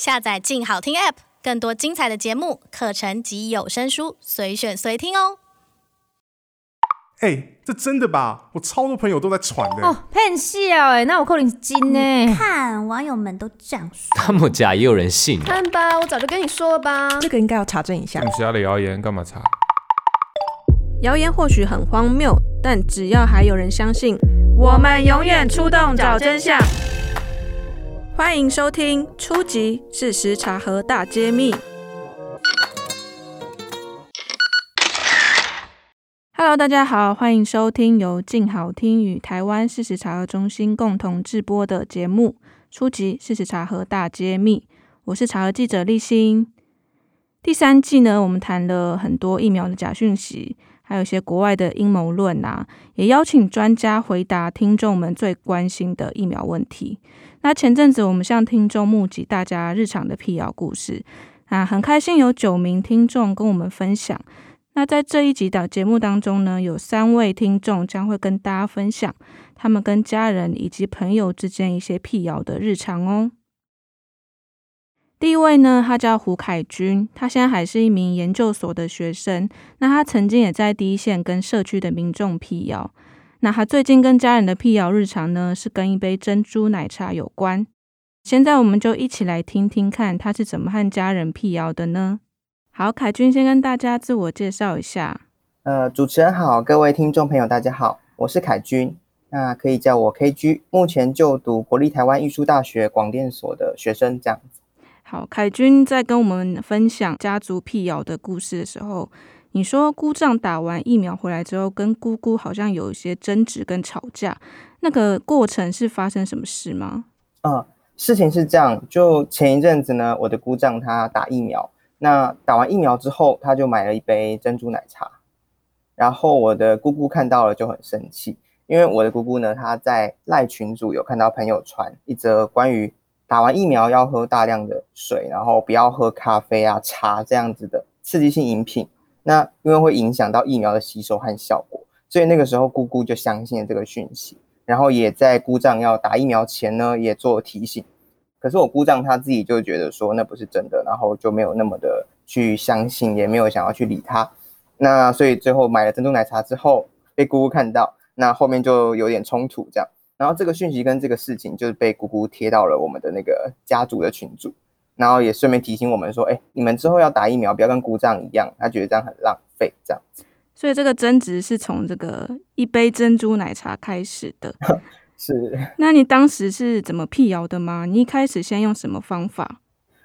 下載靜好聽 App，更多精彩的節目、課程及有聲書，隨選隨聽哦。哎、欸，這真的吧？我超多朋友都在傳的哦。騙笑哎，那我扣你金呢？看網友們都這樣說，他們家也有人信？看吧，我早就跟你說了吧。這個應該要查證一下。我其他的謠言幹嘛查？謠言或許很荒謬，但只要還有人相信，我們永遠出動找真相。歡迎收聽《出擊！事實查核大揭密》。Hello，大家好，歡迎收聽由靜好聽與台灣事實查核中心共同製播的節目《出擊！事實查核大揭密》。我是查核記者立新。第三季呢，我們談了很多疫苗的假訊息，還有一些國外的陰謀論啊，也邀請專家回答聽眾們最關心的疫苗問題。那前陣子我們向聽眾募集大家日常的闢謠故事啊，很開心有九名聽眾跟我們分享。那在這一集的節目當中呢，有三位聽眾將會跟大家分享他們跟家人以及朋友之間一些闢謠的日常哦。第一位呢，他叫胡凱君，他現在還是一名研究所的學生。那他曾經也在第一線跟社區的民眾闢謠。那他最近跟家人的闢謠日常呢，是跟一杯珍珠奶茶有關。現在我們就一起來聽聽看他是怎麼和家人闢謠的呢？好，凱君先跟大家自我介紹一下。呃，主持人好，各位聽眾朋友大家好，我是凱君，那可以叫我 KG，目前就讀國立台灣藝術大學廣電所的學生。這樣子。好，凱君在跟我們分享家族闢謠的故事的時候。你說姑丈，打完疫苗回來之後，跟姑姑好像有一些爭執跟吵架，那個過程是發生什麼事嗎？呃，事情是這樣，就前一陣子呢，我的姑丈他打疫苗，那打完疫苗之後，他就買了一杯珍珠奶茶，然後我的姑姑看到了就很生氣，因為我的姑姑呢，她在賴群組有看到朋友傳一則關於打完疫苗要喝大量的水，然後不要喝咖啡啊茶這樣子的刺激性飲品。那因為會影響到疫苗的吸收和效果，所以那個時候姑姑就相信了這個訊息，然後也在姑丈要打疫苗前呢也做了提醒。可是我姑丈他自己就覺得說那不是真的，然後就沒有那麼的去相信，也沒有想要去理他。那所以最後買了珍珠奶茶之後被姑姑看到，那後面就有點衝突這樣。然後這個訊息跟這個事情就是被姑姑貼到了我們的那個家族的群組。然後也順便提醒我們說：“哎、欸，你們之後要打疫苗，不要跟姑丈一樣，他覺得這樣很浪費。”這樣，所以這個爭執是從這個一杯珍珠奶茶開始的。 是。那你當時是怎麼闢謠的嗎？你一開始先用什麼方法？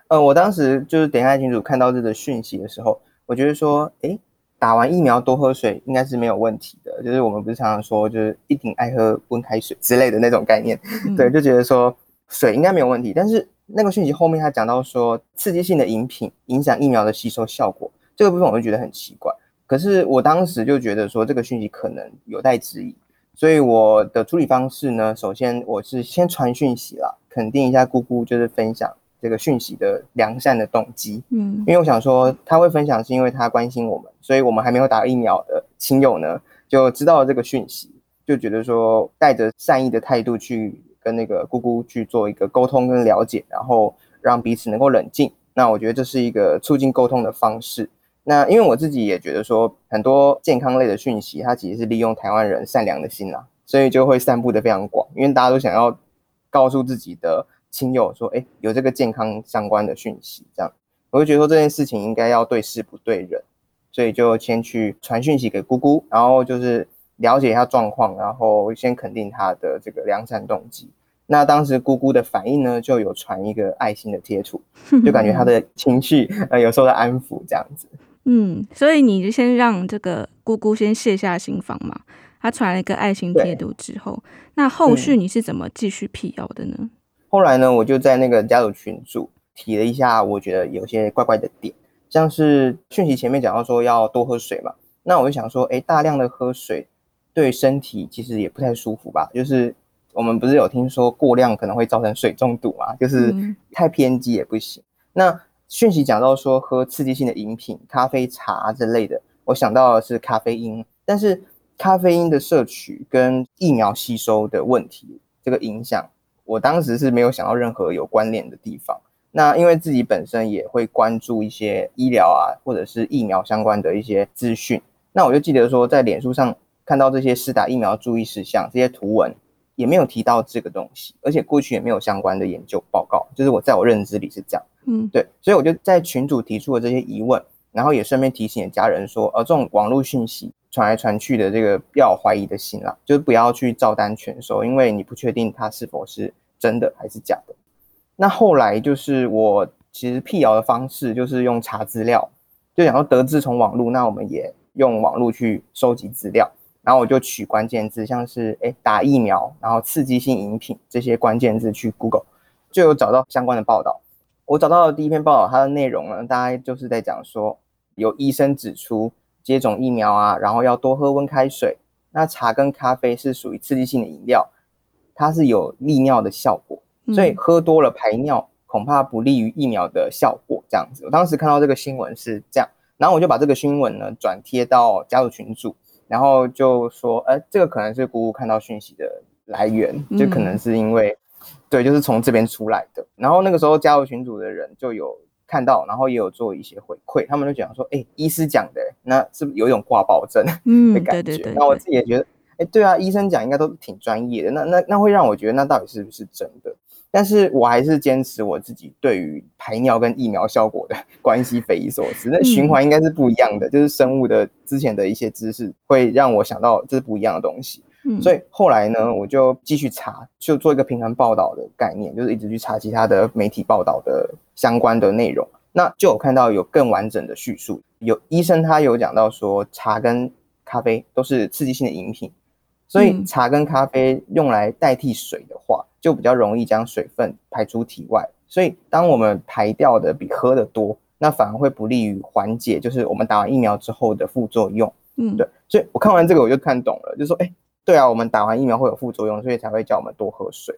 呃我當時就是點開群主看到這個訊息的時候，我覺得說：“哎、欸，打完疫苗多喝水應該是沒有問題的。”就是我們不是常常說就是一定愛喝溫開水之類的那種概念，嗯、對，就覺得說水應該沒有問題，但是。那個訊息後面，他講到說，刺激性的飲品影響疫苗的吸收效果，這個部分我就覺得很奇怪。可是我當時就覺得說，這個訊息可能有待質疑。所以我的處理方式呢，首先我是先傳訊息啦，肯定一下姑姑就是分享這個訊息的良善的動機。嗯，因為我想說，他會分享是因為他關心我們，所以我們還沒有打疫苗的親友呢，就知道了這個訊息，就覺得說帶着善意的態度去。跟那個姑姑去做一個溝通跟了解，然後讓彼此能夠冷靜。那我覺得這是一個促進溝通的方式。那因為我自己也覺得說，很多健康類的訊息，它其實是利用台灣人善良的心啦、啊，所以就會散布得非常廣。因為大家都想要告訴自己的親友說，誒，有這個健康相關的訊息，這樣。我就覺得說這件事情應該要對事不對人，所以就先去傳訊息給姑姑，然後就是。了解一下狀況，然後先肯定他的這個良善動機。那當時姑姑的反應呢，就有傳一個愛心的貼圖，就感覺他的情緒 呃有受到安撫這樣子。嗯，所以你就先讓這個姑姑先卸下心防嘛。他傳了一個愛心貼圖之後，對那後續你是怎麼繼續闢謠的呢？嗯？後來呢，我就在那個家族群組提了一下，我覺得有些怪怪的點，像是訊息前面講到說要多喝水嘛，那我就想說，哎、欸，大量的喝水。對身體其實也不太舒服吧，就是我們不是有聽說過量可能會造成水中毒嘛，就是太偏激也不行。嗯、那訊息講到說喝刺激性的飲品、咖啡、茶之類的，我想到的是咖啡因，但是咖啡因的攝取跟疫苗吸收的問題這個影響，我當時是沒有想到任何有關聯的地方。那因為自己本身也會關注一些醫療啊，或者是疫苗相關的一些資訊，那我就記得說在臉書上，看到這些施打疫苗注意事項，這些圖文也沒有提到這個東西，而且過去也沒有相關的研究報告。就是我在我認知裡是這樣，嗯，對，所以我就在群組提出了這些疑問，然後也順便提醒家人說，呃，這種網絡訊息傳來傳去的，這個不要懷疑的心啦，就是不要去照單全收，因為你不確定它是否是真的還是假的。那後來就是我其實闢謠的方式就是用查資料，就想要得知從網絡，那我們也用網絡去收集資料。然後我就取關鍵字，像是誒打疫苗，然後刺激性飲品這些關鍵字去 Google，就有找到相關的報道。我找到的第一篇報道，它的內容呢，大概就是在講說，有醫生指出接種疫苗啊，然後要多喝溫開水。那茶跟咖啡是屬於刺激性的飲料，它是有利尿的效果，嗯、所以喝多了排尿恐怕不利於疫苗的效果。這樣子，我當時看到這個新聞是這樣，然後我就把這個新聞呢轉貼到家族群組。然後就說，哎、呃，這個可能是姑姑看到訊息的來源，就可能是因為，嗯、對，就是從這邊出來的。然後那個時候加入群組的人就有看到，然後也有做一些回饋，他們就講說，哎，醫師講的，那是不是有一種掛保證的感覺？那我、嗯、自己也覺得，哎，對啊，醫生講應該都挺專業的，那那那會讓我覺得，那到底是不是真的？但是我還是堅持我自己對於排尿跟疫苗效果的關係匪夷所思，那循環應該是不一樣的，嗯、就是生物的之前的一些知識會讓我想到這是不一樣的東西。嗯，所以後來呢，我就繼續查，就做一個平衡報道的概念，就是一直去查其他的媒體報道的相關的內容。那就有看到有更完整的敘述，有醫生他有講到說，茶跟咖啡都是刺激性的飲品。所以茶跟咖啡用來代替水的話，嗯、就比較容易將水分排出體外。所以當我們排掉的比喝的多，那反而會不利於緩解，就是我們打完疫苗之後的副作用。嗯，對。所以我看完這個我就看懂了，就說，哎、欸，對啊，我們打完疫苗會有副作用，所以才會叫我們多喝水。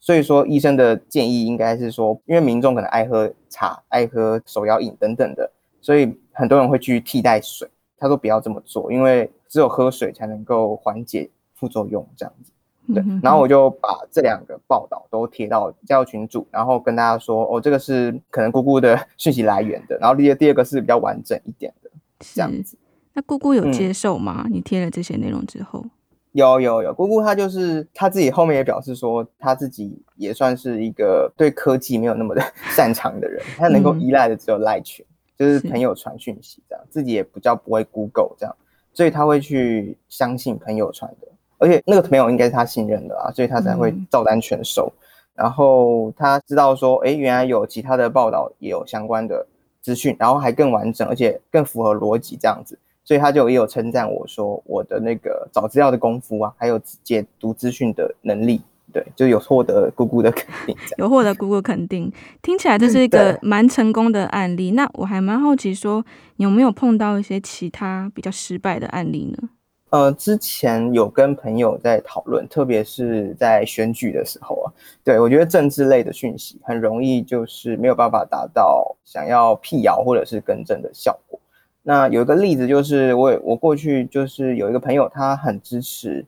所以說醫生的建議應該是說，因為民眾可能愛喝茶、愛喝手搖飲等等的，所以很多人會去替代水，他說不要這麼做，因為只有喝水才能夠緩解。副作用這樣子，對，然後我就把這兩個報道都貼到教群組，然後跟大家說，哦，這個是可能姑姑的訊息來源的，然後第第二個是比較完整一點的，這樣子是。那姑姑有接受嗎？嗯、你貼了這些內容之後，有有有，姑姑她就是她自己後面也表示說，她自己也算是一個對科技沒有那麼的擅長的人，她能夠依賴的只有賴群，嗯、就是朋友傳訊息這樣，是自己也比較不會 Google 這樣，所以她會去相信朋友傳的。而且那個朋友應該是他信任的啊，所以他才會照單全收。嗯、然後他知道說，哎，原來有其他的報道，也有相關的資訊，然後還更完整，而且更符合邏輯這樣子。所以他就也有稱讚我說我的那個找資料的功夫啊，還有解讀資訊的能力，對，就有獲得姑姑的肯定。有獲得姑姑肯定，聽起來這是一個蠻成功的案例。對那我還蠻好奇說，你有沒有碰到一些其他比較失敗的案例呢？呃，之前有跟朋友在討論，特別是在選舉的時候啊，對，我覺得政治類的訊息很容易就是沒有辦法達到想要闢謠或者是更正的效果。那有一個例子就是我我過去就是有一個朋友，他很支持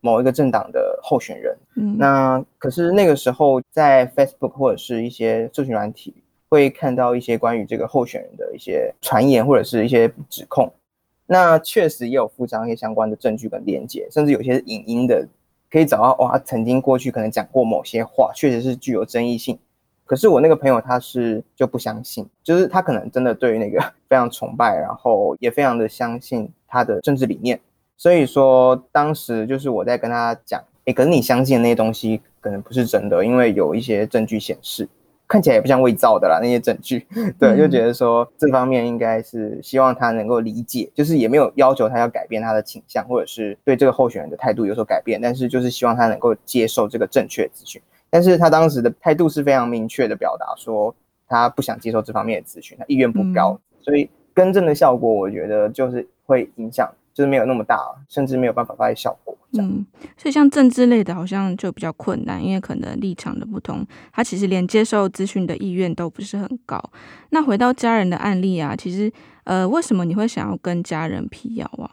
某一個政黨的候選人，嗯，那可是那個時候在 Facebook 或者是一些社群軟體會看到一些關於這個候選人的一些傳言或者是一些指控。那確實也有附上一些相關的證據跟鏈接，甚至有些是影音的，可以找到哇，哦，他曾經過去可能講過某些話，確實是具有爭議性。可是我那個朋友他是就不相信，就是他可能真的對於那個非常崇拜，然後也非常的相信他的政治理念。所以說當時就是我在跟他講，哎，可是你相信的那些東西可能不是真的，因為有一些證據顯示。看起來也不像偽造的啦，那些證據，對，就覺得說這方面應該是希望他能夠理解，嗯、就是也沒有要求他要改變他的傾向，或者是對這個候選人的態度有所改變，但是就是希望他能夠接受這個正確的資訊。但是他當時的態度是非常明確的表達說，他不想接受這方面的資訊，他意願不高，嗯、所以更正的效果，我覺得就是會影響。就是沒有那麼大，啊，甚至沒有辦法帶來效果。嗯，所以像政治類的，好像就比較困難，因為可能立場的不同，他其實連接受資訊的意願都不是很高。那回到家人的案例啊，其實呃，為什麼你會想要跟家人闢謠啊？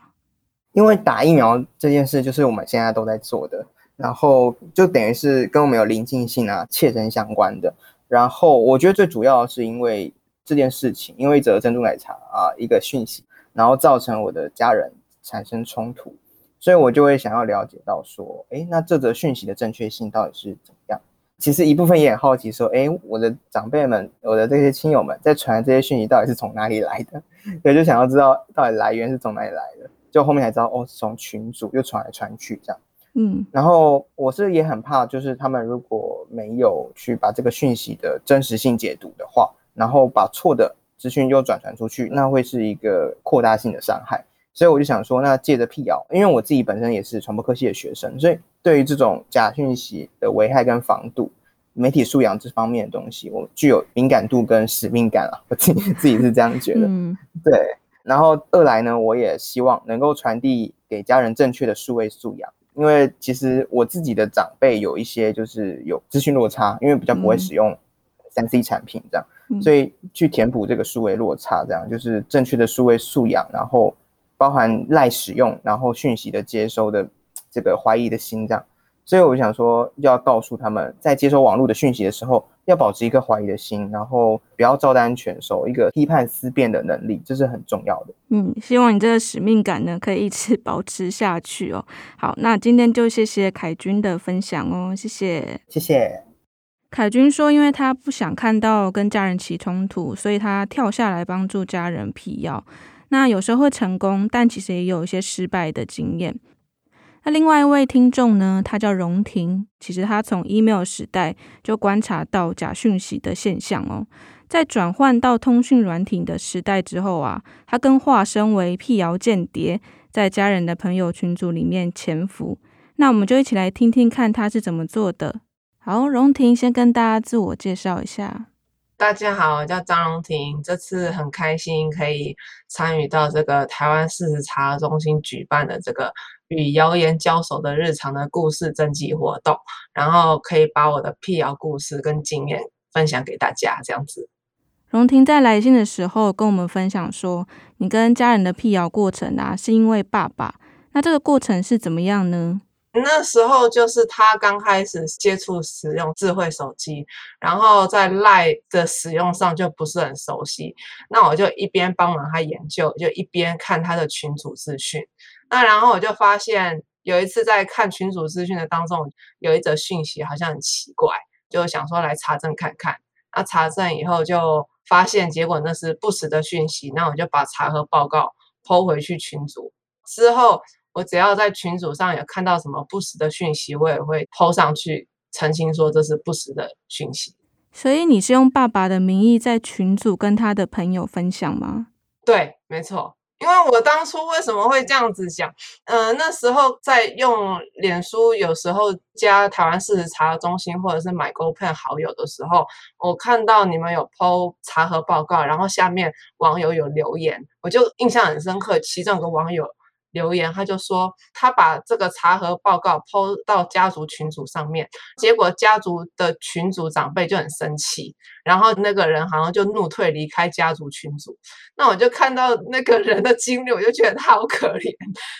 因為打疫苗這件事就是我們現在都在做的，然後就等於是跟我們有鄰近性啊、切身相關的。然後我覺得最主要是因為這件事情，因為這珍珠奶茶啊一個訊息，然後造成我的家人產生衝突，所以我就會想要了解到說，誒，那這則訊息的正確性到底是怎麼樣？其實一部分也很好奇說，誒，我的長輩們，我的這些親友們在傳來這些訊息到底是從哪裡來的？所以就想要知道到底來源是從哪裡來的。就後面才知道，哦，從群組又傳來傳去這樣。嗯，然後我是也很怕，就是他們如果沒有去把這個訊息的真實性解讀的話，然後把錯的資訊又轉傳出去，那會是一個擴大性的傷害。所以我就想說，那借着闢謠，因為我自己本身也是傳播科系的學生，所以對於這種假訊息的危害跟防堵、媒體素養這方面的東西，我具有敏感度跟使命感啊，我自己自己是這樣覺得。 嗯，對。然後二來呢，我也希望能夠傳遞給家人正確的數位素養，因為其實我自己的長輩有一些就是有資訊落差，因為比較不會使用三 C 產品這樣，嗯、所以去填補這個數位落差，這樣就是正確的數位素養，然後。包含 LINE 使用，然後訊息的接收的這個懷疑的心這樣，所以我想說，要告訴他們，在接收網絡的訊息的時候，要保持一個懷疑的心，然後不要照單全收，一個批判思辨的能力，這是很重要的。嗯，希望你這個使命感呢，可以一直保持下去哦。好，那今天就謝謝凱君的分享哦，謝謝，謝謝。凱君說，因為他不想看到跟家人起衝突，所以他跳下來幫助家人闢謠。那有時候會成功，但其實也有一些失敗的經驗。那另外一位聽眾呢，他叫榮婷，其實他從 email 時代就觀察到假訊息的現象哦。在轉換到通訊軟體的時代之後啊，他更化身為闢謠間諜，在家人的朋友群組裡面潛伏。那我們就一起來聽聽看他是怎麼做的。好，榮婷先跟大家自我介紹一下。大家好，我叫張榮婷。這次很開心可以參與到這個台灣事實查核中心舉辦的這個與謠言交手的日常的故事徵集活動，然後可以把我的闢謠故事跟經驗分享給大家。這樣子，榮婷在來信的時候跟我們分享說，你跟家人的闢謠過程啊，是因為爸爸，那這個過程是怎麼樣呢？那時候就是他剛開始接觸使用智慧手機，然後在 LINE 的使用上就不是很熟悉。那我就一邊幫忙他研究，就一邊看他的群組資訊。那然後我就發現有一次在看群組資訊的當中，有一則訊息好像很奇怪，就想說來查證看看。那查證以後就發現，結果那是不實的訊息。那我就把查核報告 po 回去群組之後。我只要在群組上有看到什麼不實的訊息，我也會 PO 上去澄清，說這是不實的訊息。所以你是用爸爸的名義在群組跟他的朋友分享嗎？對，沒錯。因為我當初為什麼會這樣子講？呃，那時候在用臉書，有時候加台灣事實查核中心或者是 MyGoPen 好友的時候，我看到你們有 PO 查核報告，然後下面網友有留言，我就印象很深刻，其中一個網友。留言，他就說他把這個查核報告 po 到家族群組上面，結果家族的群組長輩就很生氣，然後那個人好像就怒退離開家族群組。那我就看到那個人的經歷，我就覺得他好可憐。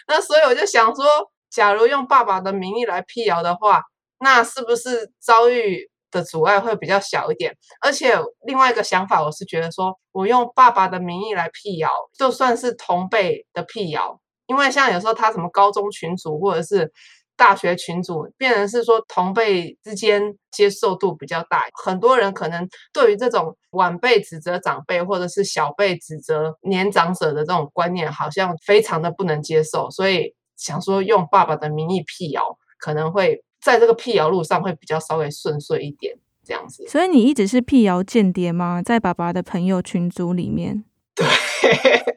那所以我就想說，假如用爸爸的名義來闢謠的話，那是不是遭遇的阻礙會比較小一點？而且另外一個想法，我是覺得說我用爸爸的名義來闢謠，就算是同輩的闢謠。因為像有時候他什麼高中群組或者是大學群組，變成是說同輩之間接受度比較大，很多人可能對於這種晚輩指責長輩或者是小輩指責年長者的這種觀念，好像非常的不能接受，所以想說用爸爸的名義闢謠，可能會在這個闢謠路上會比較稍微順遂一點這樣子。所以你一直是闢謠間諜嗎？在爸爸的朋友群組裡面？對。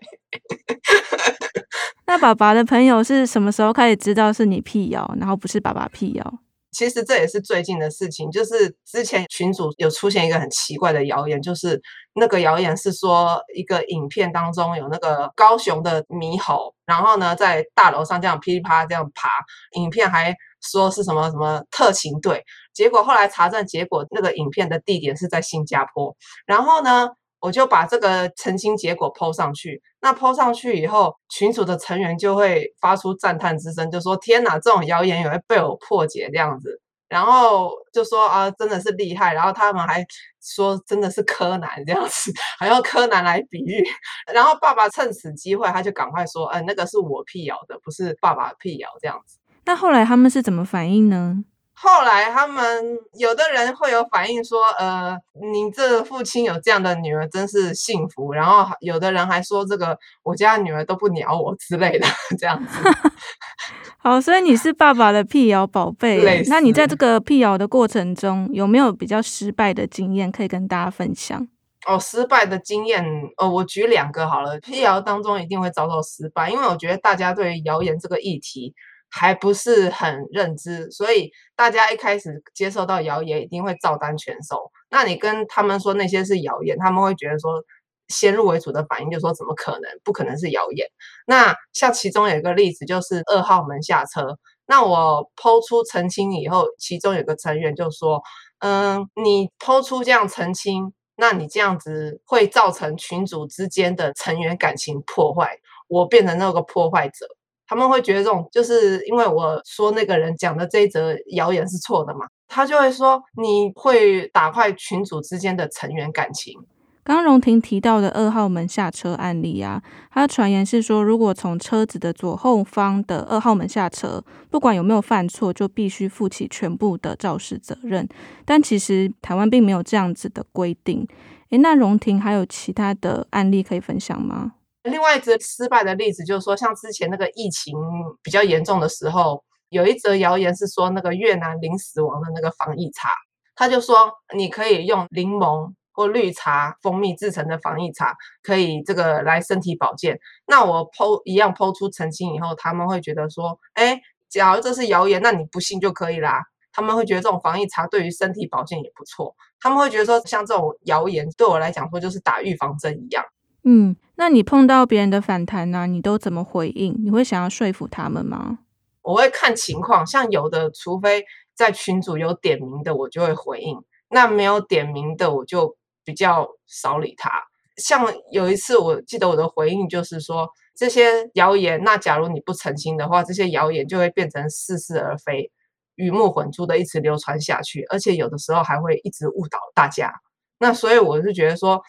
那爸爸的朋友是什麼時候開始知道是你闢謠，然後不是爸爸闢謠？其實這也是最近的事情，就是之前群組有出現一個很奇怪的謠言，就是那個謠言是說一個影片當中有那個高雄的獼猴，然後呢，在大樓上這樣噼里啪啦這樣爬，影片還說是什麼什麼特勤隊，結果後來查證，結果那個影片的地點是在新加坡，然後呢？我就把這個澄清結果 PO 上去，那 PO 上去以後，群組的成員就會發出讚嘆之聲，就說：“天哪，這種謠言也會被我破解這樣子。”然後就說：“啊，真的是厲害。”然後他們還說：“真的是柯南這樣子，還用柯南來比喻。”然後爸爸趁此機會，他就趕快說：“嗯、呃，那個是我闢謠的，不是爸爸的闢謠這樣子。”那後來他們是怎麼反應呢？後來他們有的人會有反應說：“呃，你這父親有這樣的女兒真是幸福。”然後有的人還說：“這個我家女兒都不鳥我之類的。”這樣子。 好，所以你是爸爸的闢謠寶貝耶。 那你在這個闢謠的過程中，有沒有比較失敗的經驗可以跟大家分享？哦，失敗的經驗，哦，我舉兩個好了。闢謠當中一定會遭到失敗，因為我覺得大家對謠言這個議題。還不是很認知，所以大家一開始接受到謠言，一定會照單全收。那你跟他們說那些是謠言，他們會覺得說先入為主的反應就說怎麼可能，不可能是謠言。那像其中有一個例子就是二號門下車，那我拋出澄清以後，其中有個成員就說，嗯，你拋出這樣澄清，那你這樣子會造成群組之間的成員感情破壞，我變成那個破壞者。他們會覺得這種，就是因為我說那個人講的這一則謠言是錯的嘛，他就會說你會打壞群組之間的成員感情。剛榮婷提到的二號門下車案例啊，他的傳言是說，如果從車子的左後方的二號門下車，不管有沒有犯錯，就必須負起全部的肇事責任。但其實台灣並沒有這樣子的規定。哎，那榮婷還有其他的案例可以分享嗎？另外一則失敗的例子就是說，像之前那個疫情比較嚴重的時候，有一則謠言是說，那個越南零死亡的那個防疫茶，他就說你可以用檸檬或綠茶、蜂蜜製成的防疫茶，可以這個來身體保健。那我 PO 一樣 PO 出澄清以後，他們會覺得說，哎，假如這是謠言，那你不信就可以啦。他們會覺得這種防疫茶對於身體保健也不錯。他們會覺得說，像這種謠言對我來講說就是打預防針一樣。嗯，那你碰到別人的反彈呢、啊？你都怎麼回應？你會想要說服他們嗎？我會看情況，像有的，除非在群組有點名的，我就會回應；那沒有點名的，我就比較少理他。像有一次，我記得我的回應就是說：這些謠言，那假如你不澄清的話，這些謠言就會變成似是而非、魚目混珠的一直流傳下去，而且有的時候還會一直誤導大家。那所以我是覺得說。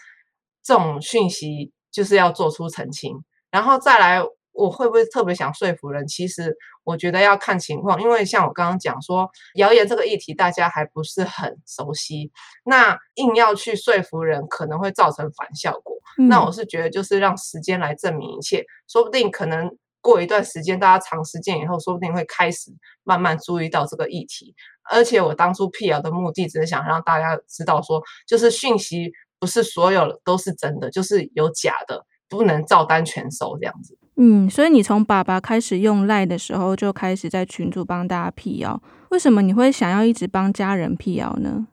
這種訊息就是要做出澄清，然後再來，我會不會特別想說服人？其實我覺得要看情況，因為像我剛剛講說，謠言這個議題大家還不是很熟悉，那硬要去說服人可能會造成反效果。嗯、那我是覺得就是讓時間來證明一切，說不定可能過一段時間，大家長時間以後，說不定會開始慢慢注意到這個議題。而且我當初闢謠的目的只是想讓大家知道說，就是訊息。不是所有都是真的，就是有假的，不能照單全收這樣子。嗯，所以你從爸爸開始用賴的時候，就開始在群組幫大家闢謠。為什麼你會想要一直幫家人闢謠呢？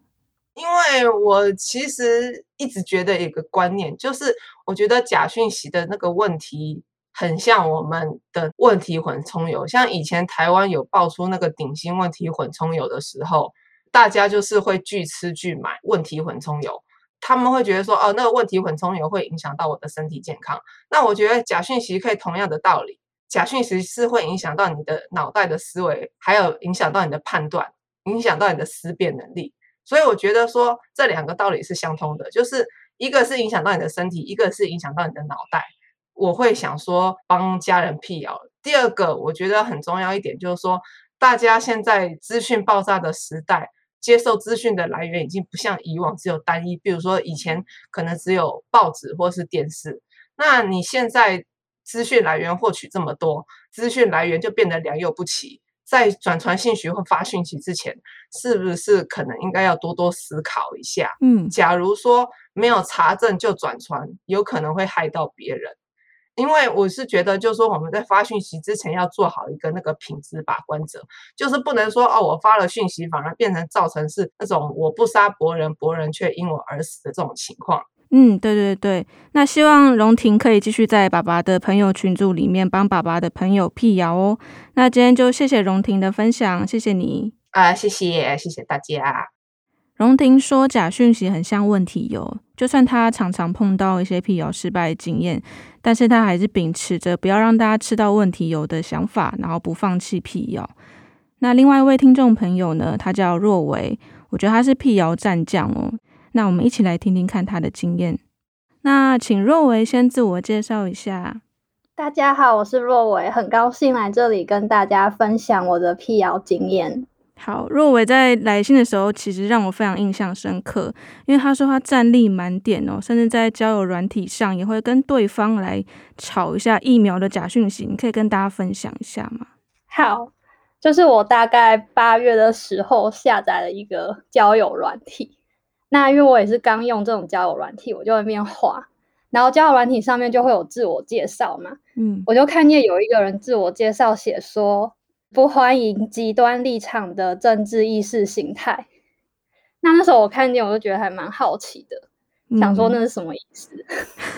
因為我其實一直覺得一個觀念，就是我覺得假訊息的那個問題，很像我們的問題混充油，像以前台灣有爆出那個頂新問題混充油的時候，大家就是會拒吃拒買問題混充油。他們會覺得說，哦，那個問題很重要，會影響到我的身體健康。那我覺得假訊息可以同樣的道理，假訊息是會影響到你的腦袋的思維，還有影響到你的判斷，影響到你的思辨能力。所以我覺得說，這兩個道理是相通的，就是一個是影響到你的身體，一個是影響到你的腦袋。我會想說幫家人闢謠。第二個，我覺得很重要一點就是說，大家現在資訊爆炸的時代，接受資訊的來源已經不像以往只有單一，比如說以前可能只有報紙或是電視。那你現在資訊來源獲取這麼多，資訊來源就變得良莠不齊。在轉傳訊息或發訊息之前，是不是可能應該要多多思考一下？嗯，假如說沒有查證就轉傳，有可能會害到別人。因為我是覺得，就是說我們在發訊息之前要做好一個那個品質把關者，就是不能說哦，我發了訊息反而變成造成是那種我不殺伯仁，伯仁卻因我而死的這種情況。嗯，對對對，那希望榮婷可以繼續在爸爸的朋友群組裡面幫爸爸的朋友闢謠哦。那今天就謝謝榮婷的分享，謝謝你啊、呃，謝謝謝謝大家。榮婷說：“假訊息很像問題油，就算他常常碰到一些闢謠失敗的經驗，但是他還是秉持着不要讓大家吃到問題油的想法，然後不放棄闢謠。那另外一位聽眾朋友呢？他叫若維，我覺得他是闢謠戰將哦。那我們一起來聽聽看他的經驗。那請若維先自我介紹一下。大家好，我是若維，很高興來這裡跟大家分享我的闢謠經驗。”好，若偉在來信的時候，其實讓我非常印象深刻，因為他說他戰力滿點哦、喔，甚至在交友軟體上也會跟對方來吵一下疫苗的假訊息，你可以跟大家分享一下嗎？好，就是我大概八月的時候下載了一個交友軟體，那因為我也是剛用這種交友軟體，我就在那邊滑，然後交友軟體上面就會有自我介紹嘛，嗯，我就看見有一個人自我介紹寫說，不歡迎極端立場的政治意識形態。那那時候我看見，我就覺得還蠻好奇的，嗯、想說那是什麼意思？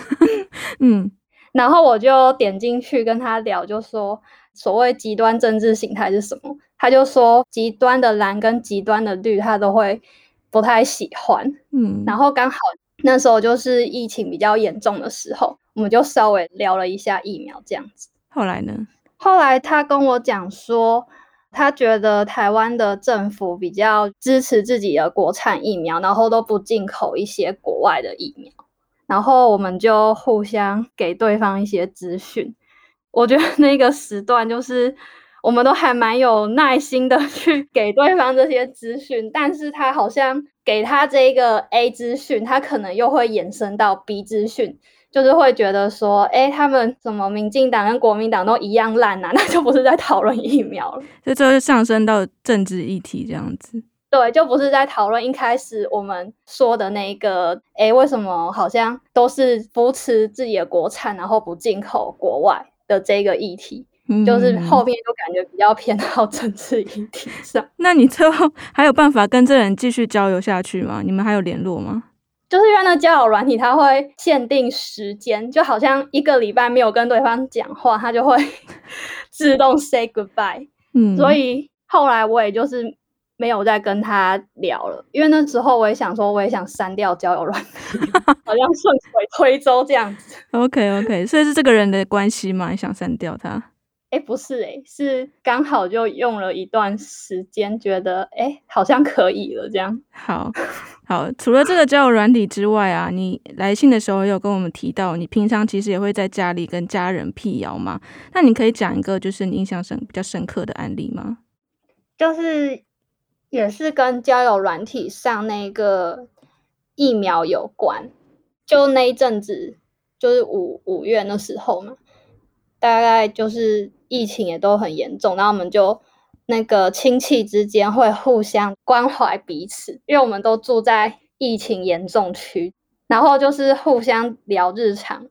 嗯，然後我就點進去跟他聊，就說所謂極端政治形態是什麼？他就說極端的藍跟極端的綠，他都會不太喜歡。嗯，然後剛好那時候就是疫情比較嚴重的時候，我們就稍微聊了一下疫苗這樣子。後來呢？後來他跟我講說，他覺得台灣的政府比較支持自己的國產疫苗，然後都不進口一些國外的疫苗。然後我們就互相給對方一些資訊。我覺得那個時段就是，我們都還蠻有耐心的去給對方這些資訊，但是他好像。給他這個 A 資訊，他可能又會延伸到 B 資訊，就是會覺得說，哎，他們什麼民進黨跟國民黨都一樣爛啊，那就不是在討論疫苗了，這就是上升到政治議題這樣子。對，就不是在討論一開始我們說的那一個，哎，為什麼好像都是扶持自己的國產，然後不進口國外的這個議題。 就是後面就感覺比較偏好政治議題上。那你之後還有辦法跟這人繼續交流下去嗎？你們還有聯絡嗎？就是因為那交友軟體它會限定時間，就好像一個禮拜沒有跟對方講話，他就會自動 say goodbye。 嗯，所以後來我也就是沒有再跟他聊了，因為那時候我也想說，我也想刪掉交友軟體， 好像順水推舟這樣子。 OK OK，所以是這個人的關係嘛？也想刪掉他。哎，欸、不是哎、欸，是剛好就用了一段時間，覺得哎、欸，好像可以了這樣。好好，除了這個交友軟體之外啊，你來信的時候有跟我們提到，你平常其實也會在家裡跟家人辟謠嗎？那你可以講一個就是你印象深比較深刻的案例嗎？就是也是跟交友軟體上那個疫苗有關，就那一陣子，就是五五月那時候嘛。大概就是疫情也都很嚴重，那我們就那個親戚之間會互相關懷彼此，因為我們都住在疫情嚴重區，然後就是互相聊日常，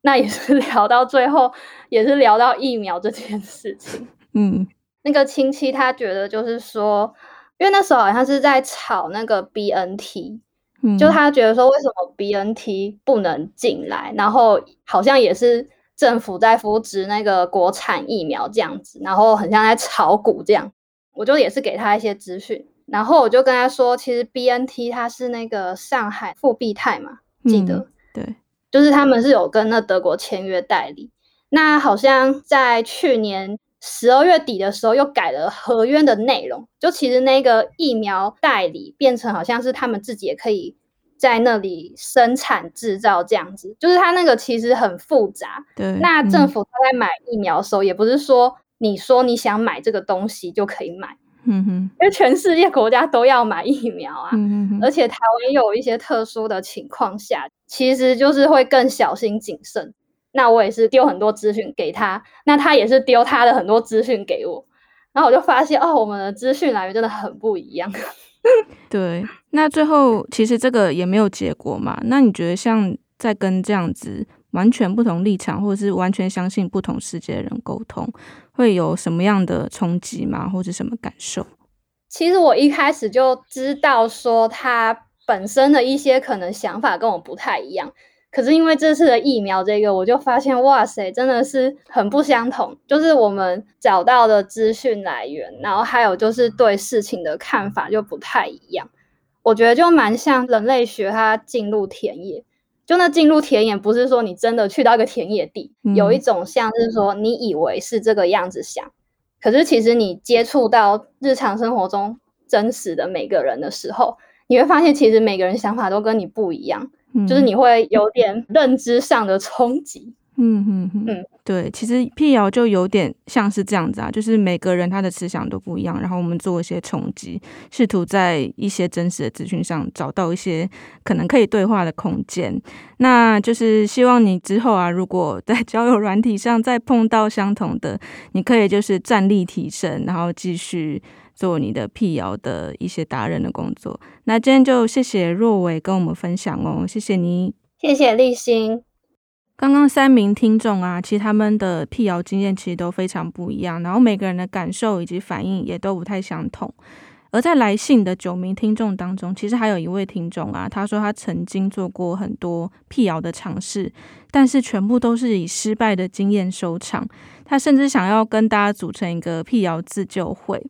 那也是聊到最後，也是聊到疫苗這件事情。嗯，那個親戚他覺得就是說，因為那時候好像是在吵那個 BNT，嗯，就他覺得說為什麼 BNT 不能進來，然後好像也是。政府在扶植那個國產疫苗這樣子，然後很像在炒股這樣，我就也是給他一些資訊，然後我就跟他說，其實 BNT 它是那個上海復必泰嘛，記得、嗯、對，就是他們是有跟那德國簽約代理，那好像在去年十二月底的時候又改了合約的內容，就其實那個疫苗代理變成好像是他們自己也可以。在那裡生產製造這樣子，就是他那個其實很複雜。對，那政府他在買疫苗的時候，嗯、也不是說你說你想買這個東西就可以買。嗯哼，因為全世界國家都要買疫苗啊，嗯、哼而且台灣有一些特殊的情況下，嗯、哼其實就是會更小心謹慎。那我也是丟很多資訊給他，那他也是丟他的很多資訊給我，然後我就發現哦，我們的資訊來源真的很不一樣。 對，那最後其實這個也沒有結果嘛。那你覺得像在跟這樣子完全不同立場，或者是完全相信不同世界的人溝通，會有什麼樣的衝擊嗎？或者什麼感受？其實我一開始就知道說他本身的一些可能想法跟我不太一樣。可是因為這次的疫苗這個，我就發現哇塞，真的是很不相同。就是我們找到的資訊來源，然後還有就是對事情的看法就不太一樣。我覺得就蠻像人類學，它進入田野，就那進入田野不是說你真的去到一個田野地，有一種像是說你以為是這個樣子想，可是其實你接觸到日常生活中真實的每個人的時候，你會發現其實每個人想法都跟你不一樣。就是你會有點認知上的衝擊，嗯嗯嗯，對，其實闢謠就有點像是這樣子啊，就是每個人他的思想都不一樣，然後我們做一些衝擊，試圖在一些真實的資訊上找到一些可能可以對話的空間，那就是希望你之後啊，如果在交友軟體上再碰到相同的，你可以就是戰力提升，然後繼續。做你的闢謠的一些達人的工作。那今天就謝謝若偉跟我們分享哦，謝謝你，謝謝立新。剛剛三名聽眾啊，其實他們的闢謠經驗其實都非常不一樣，然後每個人的感受以及反應也都不太相同。而在來信的九名聽眾當中，其實還有一位聽眾啊，他說他曾經做過很多闢謠的嘗試，但是全部都是以失敗的經驗收場。他甚至想要跟大家組成一個闢謠自救會。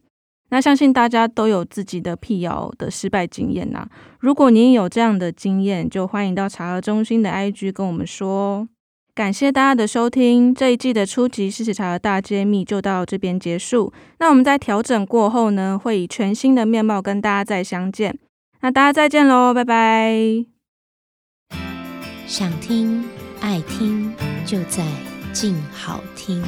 那相信大家都有自己的闢謠的失敗經驗吶、啊。如果您有這樣的經驗，就歡迎到查核中心的 IG 跟我們說。感謝大家的收聽，這一季的出擊！事實查核大揭密就到這邊結束。那我們在調整過後呢，會以全新的面貌跟大家再相見。那大家再見嘍，拜拜。想聽愛聽就在靜好聽。